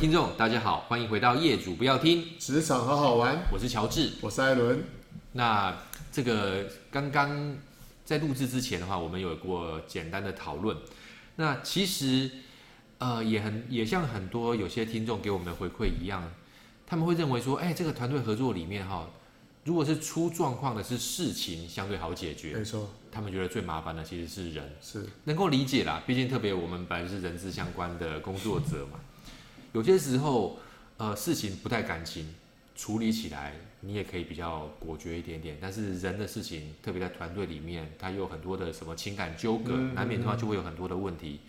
聽眾大家好，歡迎回到《業主不要聽職場好好玩》，我是喬治，我是艾倫。那這個剛剛在錄製之前的話，我們有過簡單的討論。那其實呃，也很也像很多有些聽眾給我們的回饋一樣，他們會認為說，哎，這個團隊合作裡面哈，如果是出狀況的是事情，相對好解決。沒錯，他們覺得最麻煩的其實是人。是能夠理解啦，畢竟特別我們本來是人事相關的工作者嘛。 有些時候，呃，事情不帶感情處理起來，你也可以比較果決一點點。但是人的事情，特別在團隊裡面，它有很多的什麼情感糾葛，嗯嗯難免的話就會有很多的問題。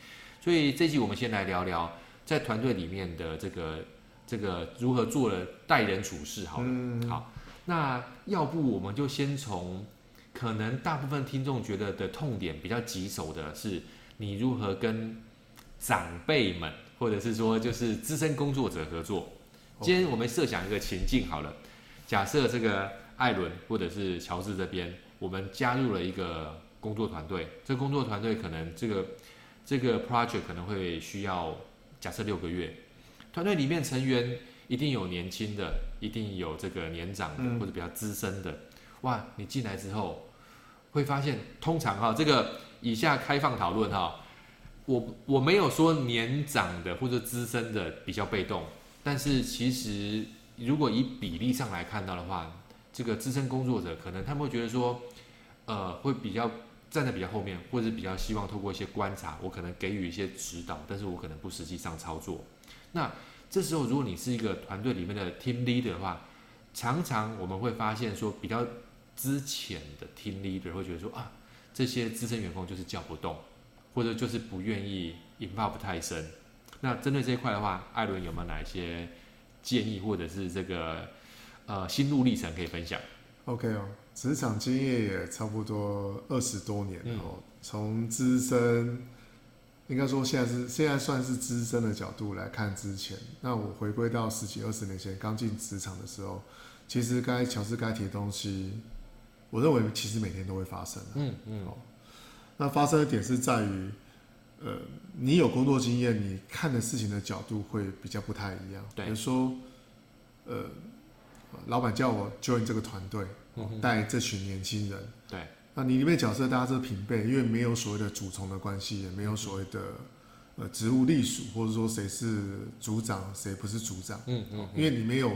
所以這期我們先來聊聊在團隊裡面的這個這個如何做人、待人處事。好了，好，那要不我們就先從可能大部分聽眾覺得的痛點比較棘手的是，你如何跟長輩們。或者是說，就是資深工作者合作。今天我們設想一個情境好了，假設這個艾倫或者是喬治這邊，我們加入了一個工作團隊。這工作團隊可能這個這個 project 可能會需要假設六個月。團隊裡面成員一定有年輕的，一定有這個年長的或者比較資深的。哇，你進來之後會發現，通常哈、哦，這個以下開放討論哈、哦。我我沒有說年長的或者資深的比較被動，但是其實如果以比例上來看到的話，這個資深工作者可能他們會覺得說，呃，會比較站在比較後面，或者比較希望透過一些觀察，我可能給予一些指導，但是我可能不實際上操作。那這時候如果你是一個團隊裡面的 team leader 的話，常常我們會發現說，比較之前的 team leader 會覺得說啊，這些資深員工就是叫不動。或者就是不願意 involve 太深，那針對這一塊的話，艾倫有沒有哪一些建議，或者是這個呃心路歷程可以分享？OK 哦，職場經驗也差不多二十多年了，哦，從、嗯、資深，應該說現在是現在算是資深的角度來看，之前那我回歸到十幾二十年前剛進職場的時候，其實該喬治該提的東西，我認為其實每天都會發生啊。嗯嗯。哦那發生的點是在於，呃，你有工作經驗，你看的事情的角度會比較不太一樣。對，比如說，呃，老闆叫我 join 這個團隊，帶、嗯、這群年輕人。對、嗯，那你裡面的角色大家是平輩，因為沒有所謂的主從的關係，也沒有所謂的職、嗯呃、務隸屬，或者說誰是組長，誰不是組長。嗯嗯，因為你沒有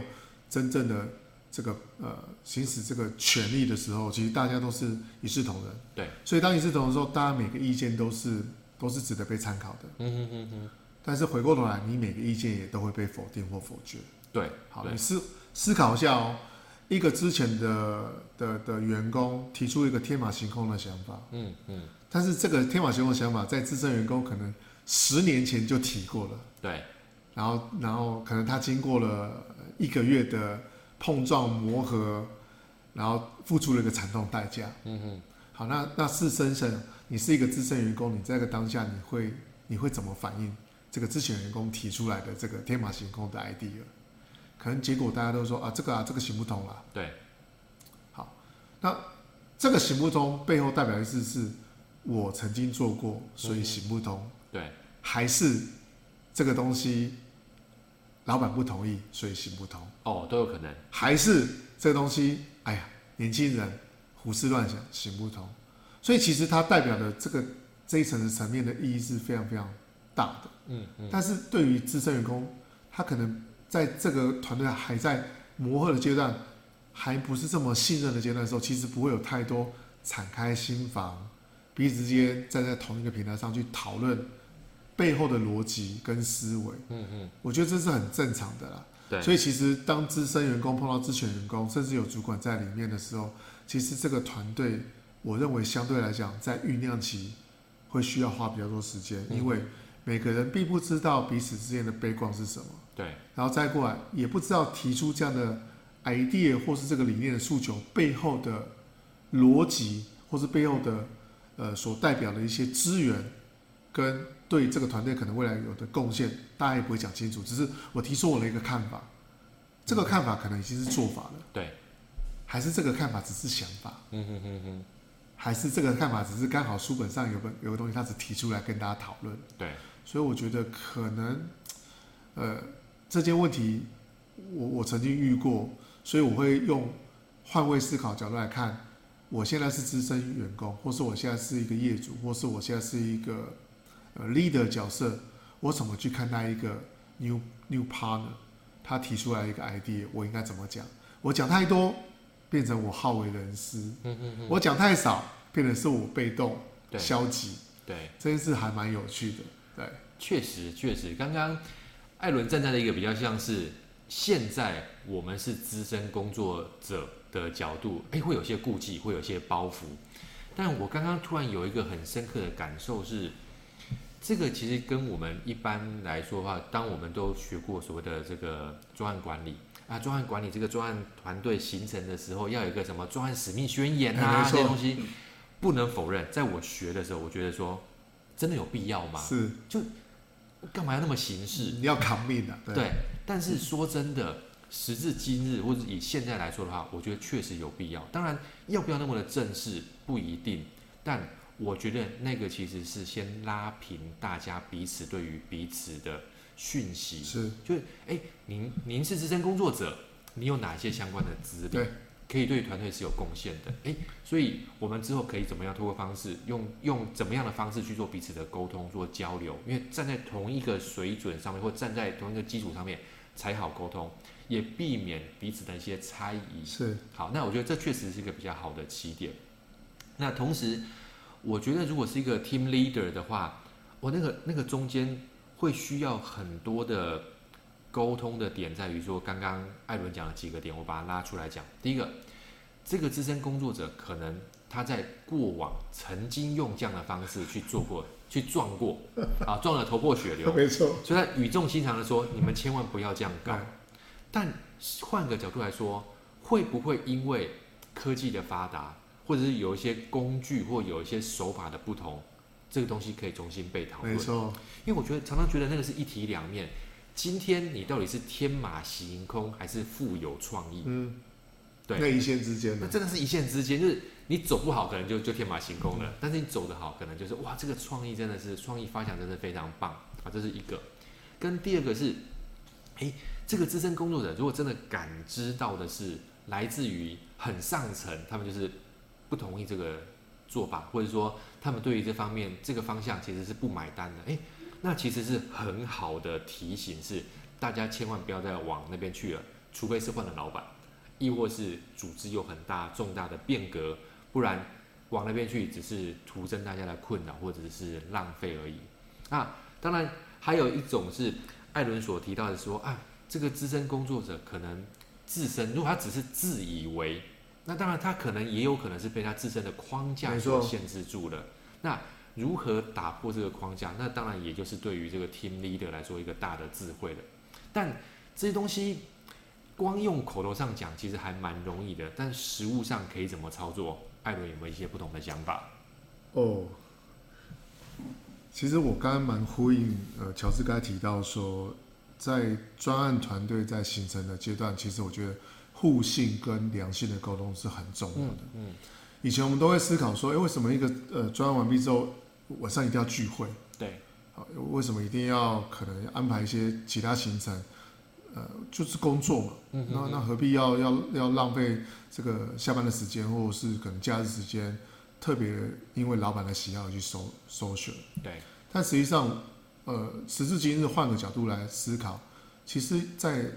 真正的。這個呃，行使這個權利的時候，其實大家都是一視同仁。對，所以當一視同仁的時候，大家每個意見都是都是值得被參考的。嗯嗯嗯嗯。但是回過頭來，你每個意見也都會被否定或否決。對，對，好，你思思考一下哦。一個之前的的的員工提出一個天馬行空的想法，嗯嗯，但是這個天馬行空的想法，在資深員工可能十年前就提過了。對，然後然後可能他經過了一個月的。碰撞磨合，然後付出了一個慘痛代價。嗯嗯，好，那那施先生，你是一個資深員工，你在這個當下，你會你會怎麼反應這個資深員工提出來的這個天馬行空的 idea？可能結果大家都說啊，這個啊，這個行不通了、啊。對。好，那這個行不通背後代表的意思是，是我曾經做過，所以行不通。嗯、對。還是這個東西。老闆不同意，所以行不通哦都有可能。還是這個東西，哎呀，年輕人胡思亂想，行不通。所以其實它代表的這個這一層的層面的意義是非常非常大的。嗯嗯。但是對於資深員工，他可能在這個團隊還在磨合的階段，還不是這麼信任的階段的時候，其實不會有太多敞開心房，彼此之間站在同一個平台上去討論。背後的邏輯跟思維，嗯嗯，我覺得這是很正常的啦。對，所以其實當資深員工碰到資深員工，甚至有主管在裡面的時候，其實這個團隊，我認為相對來講在醞釀期會需要花比較多時間，嗯，因為每個人並不知道彼此之間的背景是什麼，對，然後再過來也不知道提出這樣的 idea 或是這個理念的訴求背後的邏輯，嗯，或是背後的呃所代表的一些資源跟。對這個團隊可能未來有的貢獻，大家也不會講清楚。只是我提出我的一個看法，這個看法可能已經是做法了。對，還是這個看法只是想法？嗯嗯嗯嗯，還是這個看法只是剛好書本上有本有個東西，他只提出來跟大家討論。對，所以我覺得可能，呃，這件問題我我曾經遇過，所以我會用換位思考角度來看。我現在是資深員工，或是我現在是一個業主，或是我現在是一個。呃，leader 角色，我怎麼去看待一個 new new partner？他提出來一個 idea，我應該怎麼講？我講太多，變成我好為人師； 我講太少，變成是我被動，對，消極。對，這件事還蠻有趣的。對，確實，確實，剛剛艾倫站在了一個比較像是現在我們是資深工作者的角度，哎，會有些顧忌，會有些包袱。但我剛剛突然有一個很深刻的感受是。這個其實跟我們一般來說的話，當我們都學過所謂的這個專案管理啊，專案管理這個專案團隊形成的時候，要有一個什麼專案使命宣言啊，這些東西，不能否認，在我學的時候，我覺得說真的有必要嗎？是，就幹嘛要那麼形式？你要扛命啊對！對。但是說真的，時至今日或者以現在來說的話，我覺得確實有必要。當然，要不要那麼的正式不一定，但。我覺得那個其實是先拉平大家彼此對於彼此的訊息是，是就是誒、欸，您您是資深工作者，你有哪些相關的資歷，對，可以對團隊是有貢獻的，誒、欸，所以我們之後可以怎麼樣，透過方式，用用怎麼樣的方式去做彼此的溝通、做交流，因為站在同一個水準上面，或站在同一個基礎上面才好溝通，也避免彼此的一些猜疑，是好。那我覺得這確實是一個比較好的起點。那同時。嗯我覺得，如果是一個 team leader 的話，我、哦、那個那個中間會需要很多的溝通的點，在於說，剛剛艾倫講了幾個點，我把它拉出來講。第一個，這個資深工作者可能他在過往曾經用這樣的方式去做過 去撞過，啊，撞得頭破血流， 沒錯。所以他語重心長的說：“你們千萬不要這樣幹。”但換個角度來說，會不會因為科技的發達？或者是有一些工具或有一些手法的不同，這個東西可以重新被討論。沒錯，因為我覺得常常覺得那個是一體兩面。今天你到底是天馬行空還是富有創意？嗯，對，那一線之間的，那真的是一線之間，就是你走不好，可能就就天馬行空了。嗯、但是你走得好，可能就是哇，這個創意真的是創意發想真的非常棒啊！這是一個，跟第二個是，欸、這個資深工作者如果真的感知到的是來自於很上層，他們就是。不同意這個做法，或者說他們對於這方面這個方向其實是不買單的。誒，那其實是很好的提醒是，是大家千萬不要再往那邊去了，除非是換了老闆，亦或是組織有很大重大的變革，不然往那邊去只是徒增大家的困擾或者是浪費而已。那、啊、當然還有一種是艾倫所提到的說啊，這個資深工作者可能自身，如果他只是自以為。那當然，他可能也有可能是被他自身的框架所限制住了。那如何打破這個框架？那當然，也就是對於這個 team leader 來說一個大的智慧了。但這些東西光用口頭上講，其實還蠻容易的。但實務上可以怎麼操作？艾倫有沒有一些不同的想法？哦，其實我剛剛蠻呼應呃，喬治剛提到說，在專案團隊在形成的階段，其實我覺得。互信跟良性的溝通是很重要的。嗯，以前我們都會思考說，哎，為什麼一個呃，專案完畢之後，晚上一定要聚會？對，為什麼一定要可能安排一些其他行程？呃，就是工作嘛。嗯嗯嗯嗯，那那何必要要要浪費這個下班的時間，或者是可能假日時間？特別因為老闆的喜好去 social。對，但實際上，呃，時至今日，換個角度來思考，其實在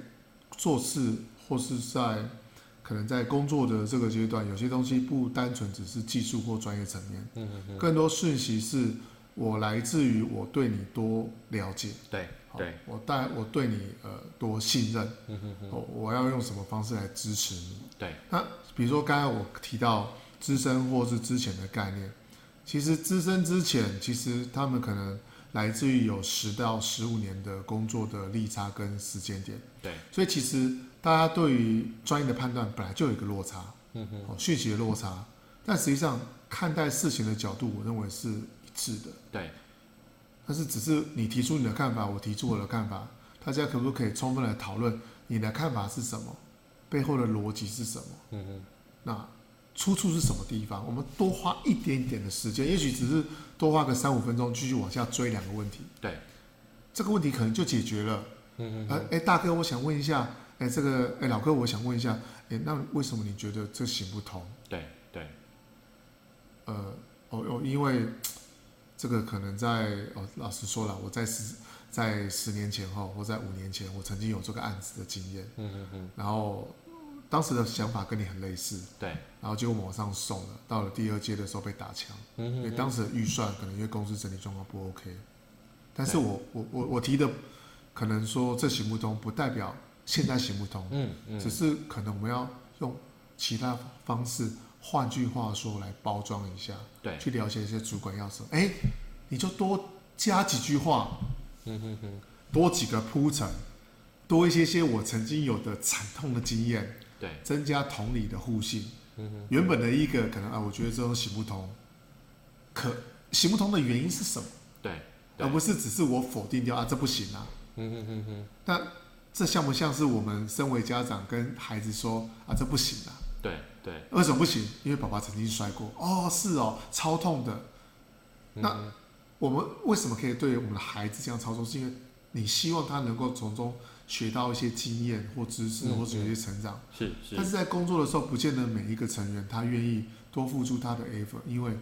做事。或是在可能在工作的這個階段，有些東西不單純只是技術或專業層面，更多訊息是我來自於我對你多了解，對對，我但我對你呃多信任，我、嗯、我要用什麼方式來支持你？對，那比如說剛才我提到資深或是之前的概念，其實資深之前，其實他們可能來自於有十到十五年的工作的利差跟時間點，對，所以其實。大家對於專業的判斷本來就有一個落差，哦，訊息的落差，但實際上看待事情的角度，我認為是一致的，對。但是只是你提出你的看法，我提出我的看法，大家可不可以充分來討論你的看法是什麼，背後的邏輯是什麼，那出處是什麼地方？我們多花一點點的時間，也許只是多花個三五分鐘，繼續往下追兩個問題，對。這個問題可能就解決了，嗯哼，哎、欸，大哥，我想問一下。哎，這個哎，老哥，我想問一下，哎，那為什麼你覺得這行不通？對對，呃，哦哦，因為這個可能在哦，老實說了，我在十在十年前後，或在五年前，我曾經有這個案子的經驗。嗯嗯嗯。然後當時的想法跟你很類似。對。然後結果往上送了，到了第二階的時候被打槍。嗯哼哼。因為當時的預算可能因為公司整體狀況不 OK，但是我我我我提的可能說這行不通，不代表。現在行不通，嗯嗯，只是可能我們要用其他方式，換句話說來包裝一下，對，去了解一些主管要說，誒，你就多加幾句話，嗯嗯嗯，多幾個鋪陳，多一些些我曾經有的慘痛的經驗，對，增加同理的互信，嗯，嗯原本的一個可能啊，我覺得這種行不通，嗯，可行不通的原因是什麼？嗯對？對，而不是只是我否定掉啊，這不行啊，嗯嗯嗯嗯，但。這像不像是我們身為家長跟孩子說啊，這不行啊？對對。為什麼不行？因為爸爸曾經摔過哦，是哦，超痛的。那嗯嗯我們為什麼可以對我們的孩子這樣操作？是因為你希望他能夠從中學到一些經驗或知識，或者有些成長。嗯嗯、是，是但是在工作的時候，不見得每一個成員他願意多付出他的 effort，因為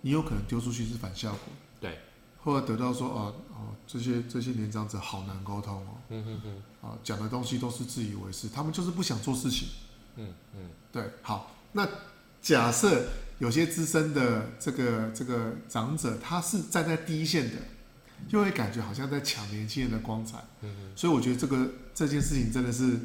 你有可能丟出去是反效果。對。或者得到說啊，啊這些這些年長者好難溝通哦。嗯嗯嗯。講的東西都是自以為是，他們就是不想做事情。嗯嗯，對，好，那假設有些資深的這個這個長者，他是站在第一線的，就、嗯、會感覺好像在搶年輕人的光彩。嗯嗯。所以我覺得這個這件事情真的是，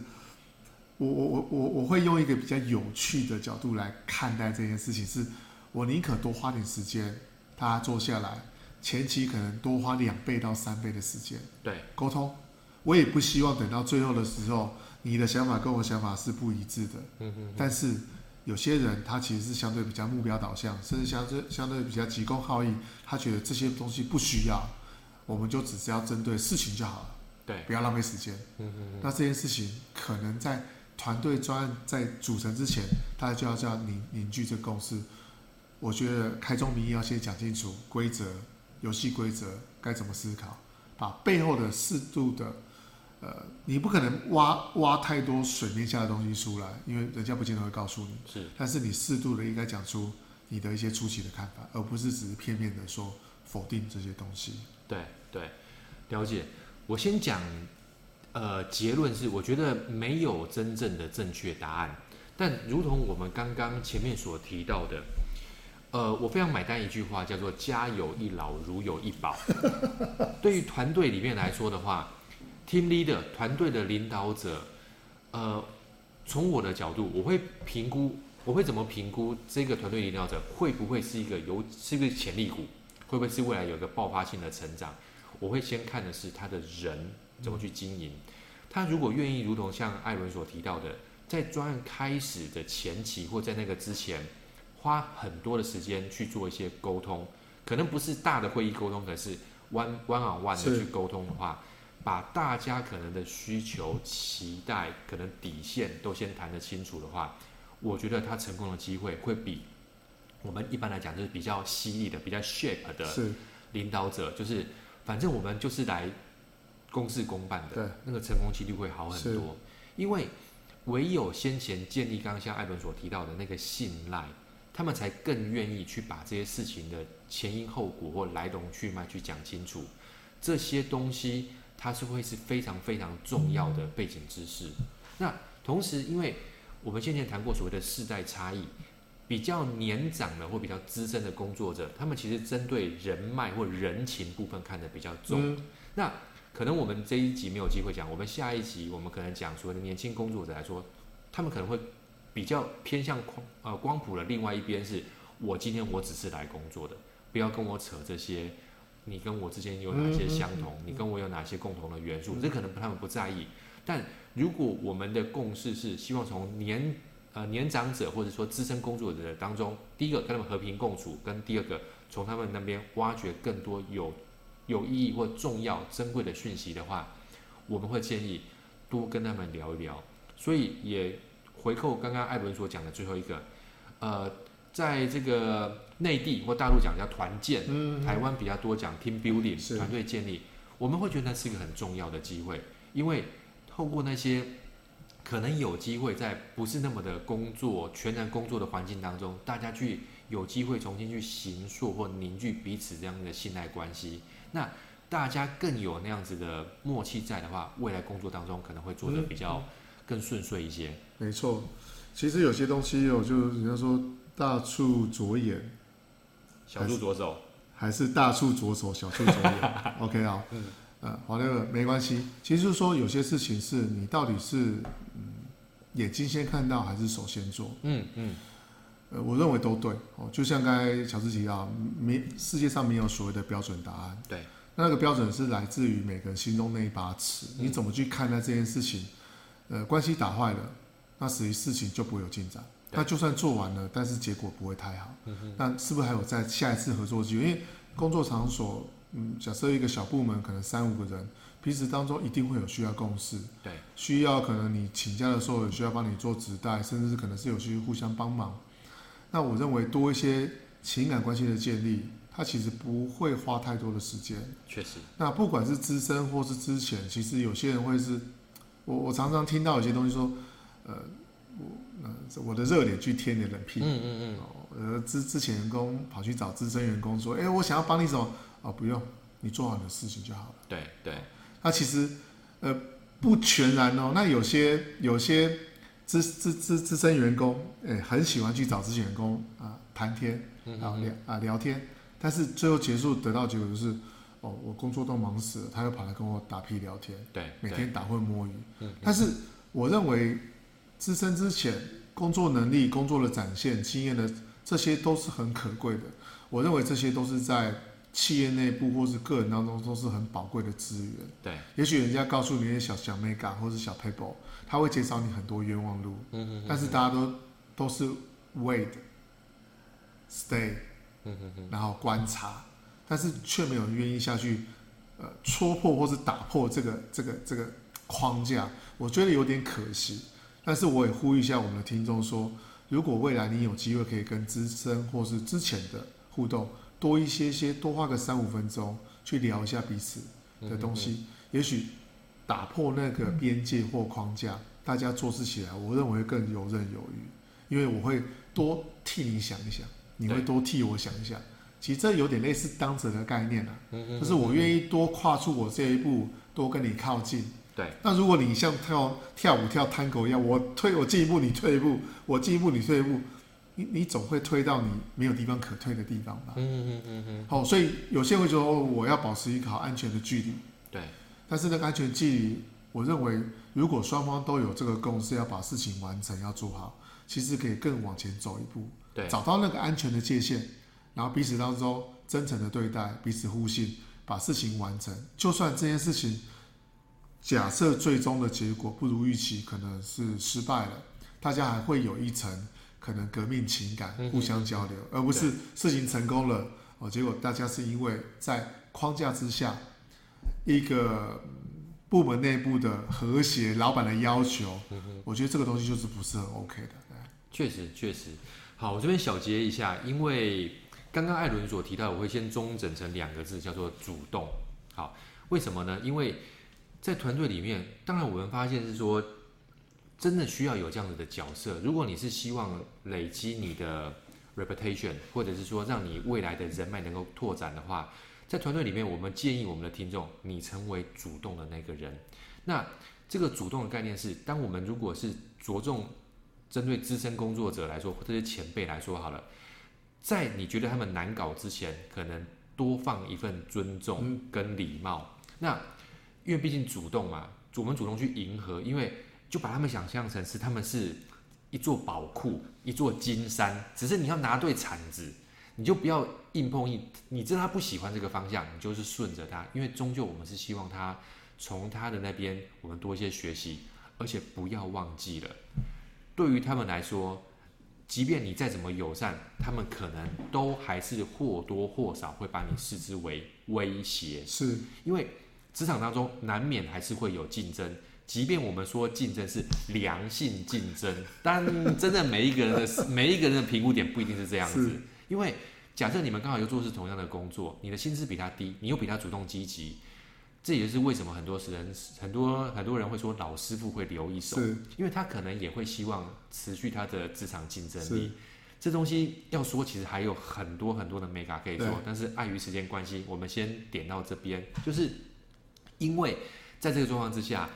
我我我我我會用一個比較有趣的角度來看待這件事情，是我寧可多花點時間，他坐下來，前期可能多花兩倍到三倍的時間，對，溝通。我也不希望等到最後的時候，你的想法跟我想法是不一致的。但是有些人他其實是相對比較目標導向，甚至相對相對比較急功好意，他覺得這些東西不需要，我們就只是要針對事情就好了。對，不要浪費時間。 那這件事情可能在團隊專案在組成之前，大家就要就要凝凝聚這個共識。我覺得開宗明義要先講清楚規則，遊戲規則該怎麼思考，把背後的適度的。呃，你不可能挖挖太多水面下的東西出來，因為人家不見得會告訴你。是，但是你適度的應該講出你的一些初期的看法，而不是只是片面的說否定這些東西。對對，了解。我先講，呃，結論是，我覺得沒有真正的正確答案。但如同我們剛剛前面所提到的，呃，我非常買單一句話叫做“家有一老，如有一寶。” 對於團隊裡面來說的話。team leader 團隊的領導者，呃，從我的角度，我會評估，我會怎麼評估這個團隊領導者會不會是一個有是一個潛力股，會不會是未來有一個爆發性的成長？我會先看的是他的人怎麼去經營。他如果願意，如同像艾倫所提到的，在專案開始的前期或在那個之前，花很多的時間去做一些溝通，可能不是大的會議溝通，可是 one one on one 的去溝通的話。把大家可能的需求、期待、可能底線都先談得清楚的話，我覺得他成功的機會會比我們一般來講就是比較犀利的、比較 sharp 的領導者是，就是反正我們就是來公事公辦的，那個成功幾率會好很多。因為唯有先前建立剛剛像艾倫所提到的那個信賴，他們才更願意去把這些事情的前因後果或來龍去脈去講清楚，這些東西，它是會是非常非常重要的背景知識。嗯、那同時，因為我們先前，前談過所謂的世代差異，比較年長的或比較資深的工作者，他們其實針對人脈或人情部分看得比較重。嗯、那可能我們這一集沒有機會講，我們下一集我們可能講所謂的年輕工作者來說，他們可能會比較偏向光呃光譜的另外一邊是，是我今天我只是來工作的，不要跟我扯這些。你跟我之間有哪些相同、嗯？你跟我有哪些共同的元素？嗯、這可能他們不在意、嗯，但如果我們的共識是希望從年呃年長者或者說資深工作者當中，第一個跟他們和平共處，跟第二個從他們那邊挖掘更多有有意義或重要珍貴的訊息的話，我們會建議多跟他們聊一聊。所以也回扣剛剛艾倫所講的最後一個，呃，在這個。嗯內地或大陸講叫團建，嗯、台灣比較多講 team building，團隊建立，我們會覺得那是一個很重要的機會，因為透過那些可能有機會在不是那麼的工作、全然工作的環境當中，大家去有機會重新去形塑或凝聚彼此這樣的信賴關係，那大家更有那樣子的默契在的話，未來工作當中可能會做得比較更順遂一些，嗯嗯嗯。沒錯，其實有些東西哦，嗯、就是人家說大處着眼。嗯小處著手還，還是大處著手？小處著手 ，OK 啊。嗯，呃、好那個沒關係。其實就是說有些事情是你到底是，嗯，眼睛先看到還是手先做？嗯嗯。呃，我認為都對。哦，就像剛才喬治提到，沒世界上沒有所謂的標準答案。對。那那個標準是來自於每個人心中那一把尺。嗯、你怎麼去看待這件事情？呃，關係打壞了，那實際事情就不會有進展。那就算做完了，但是結果不會太好。那是不是還有在下一次合作機會？因為工作場所，嗯，假設一個小部門可能三五個人，平時當中一定會有需要共事，對，需要可能你請假的時候有需要幫你做職代，甚至是可能是有需要互相幫忙。那我認為多一些情感關係的建立，它其實不會花太多的時間。確實。那不管是資深或是之前，其實有些人會是，我我常常聽到有些東西說，呃。我的熱臉去貼你的冷屁。嗯嗯嗯。呃、哦，之前員工跑去找資深員工說，欸、我想要幫你什麼？哦，不用，你做好你的事情就好了。對對。那、啊、其實，呃，不全然哦。那有些有些資資資資深員工，哎、欸，很喜歡去找之前員工啊談天，然後聊嗯嗯嗯啊聊啊聊天。但是最後結束得到結果就是，哦，我工作都忙死了，他又跑來跟我打屁聊天對。對。每天打混摸魚。嗯，嗯，嗯。但是我認為資深之前。工作能力、工作的展現、經驗的，這些都是很可貴的。我認為這些都是在企業內部或是個人當中都是很寶貴的資源。對，也許人家告訴你一些小小 Mega 或是小 people，他會減少你很多冤枉路。嗯哼哼哼，但是大家都都是 wait，stay，嗯，然後觀察，嗯、哼哼但是卻沒有人願意下去，呃，戳破或是打破這個這個這個框架，我覺得有點可惜。但是我也呼籲一下我們的聽眾說，如果未來你有機會可以跟資深或是之前的互動多一些些，多花個三五分鐘去聊一下彼此的東西，也許打破那個邊界或框架，大家做事起來，我認為更游刃有餘。因為我會多替你想一想，你會多替我想一想。其實這有點類似當者的概念啊，就是我願意多跨出我這一步，多跟你靠近。對，那如果你像跳跳舞、跳探戈一樣，我退我進一步，你退一步，我進一步，你退一步，你你總會退到你沒有地方可退的地方吧？嗯哼嗯嗯嗯嗯。好，oh，所以有些人會說我要保持一個好安全的距離。對，但是那個安全距離，我認為如果雙方都有這個共識，要把事情完成，要做好，其實可以更往前走一步。對，找到那個安全的界限，然後彼此當中真誠的對待，彼此互信，把事情完成，就算這件事情。假設最終的結果不如預期，可能是失敗了，大家還會有一層可能革命情感，互相交流，嗯嗯嗯、而不是事情成功了哦、喔。結果大家是因為在框架之下，一個部門內部的和諧，老闆的要求、嗯，我覺得這個東西就是不是很 OK 的。確實，確實，好，我這邊小結一下，因為剛剛艾倫所提到，我會先綜整成兩個字，叫做主動。好，為什麼呢？因為。在團隊裡面，當然我們發現是說，真的需要有這樣子的角色。如果你是希望累積你的 reputation，或者是說讓你未來的人脈能夠拓展的話，在團隊裡面，我們建議我們的聽眾，你成為主動的那個人。那這個主動的概念是，當我們如果是着重針對資深工作者來說，或者是前輩來說好了，在你覺得他們難搞之前，可能多放一份尊重跟禮貌。嗯、那因為畢竟主動嘛，我們主動去迎合，因為就把他們想象成是他們是一座寶庫，一座金山。只是你要拿對鏟子，你就不要硬碰硬。你知道他不喜歡這個方向，你就是順着他。因為終究我們是希望他從他的那邊我們多一些學習，而且不要忘記了，對於他們來說，即便你再怎麼友善，他們可能都還是或多或少會把你視之為威脅，是因為。職場當中難免還是會有競爭，即便我們說競爭是良性競爭，但真的每一個人的每一個人的評估點不一定是這樣子。因為假設你們剛好又做的是同樣的工作，你的薪資比他低，你又比他主動積極，這也是為什麼很多時人，很多很多人會說老師傅會留一手，因為他可能也會希望持續他的職場競爭力。這東西要說，其實還有很多很多的 mega 可以做，但是礙於時間關係，我們先點到這邊，就是。因為在這個狀況之下，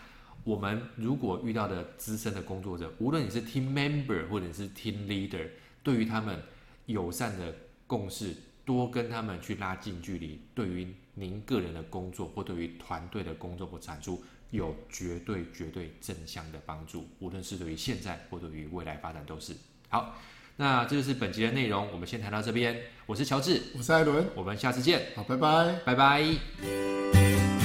我們如果遇到的資深的工作者，無論你是 team member 或者是 team leader，對於他們友善的共識多跟他們去拉近距離，對於您個人的工作或對於團隊的工作或產出，有絕對絕對正向的幫助，無論是對於現在或對於未來發展都是。好，那這就是本集的內容，我們先談到這邊。我是喬治，我是艾倫，我們下次見。好，拜拜，拜拜。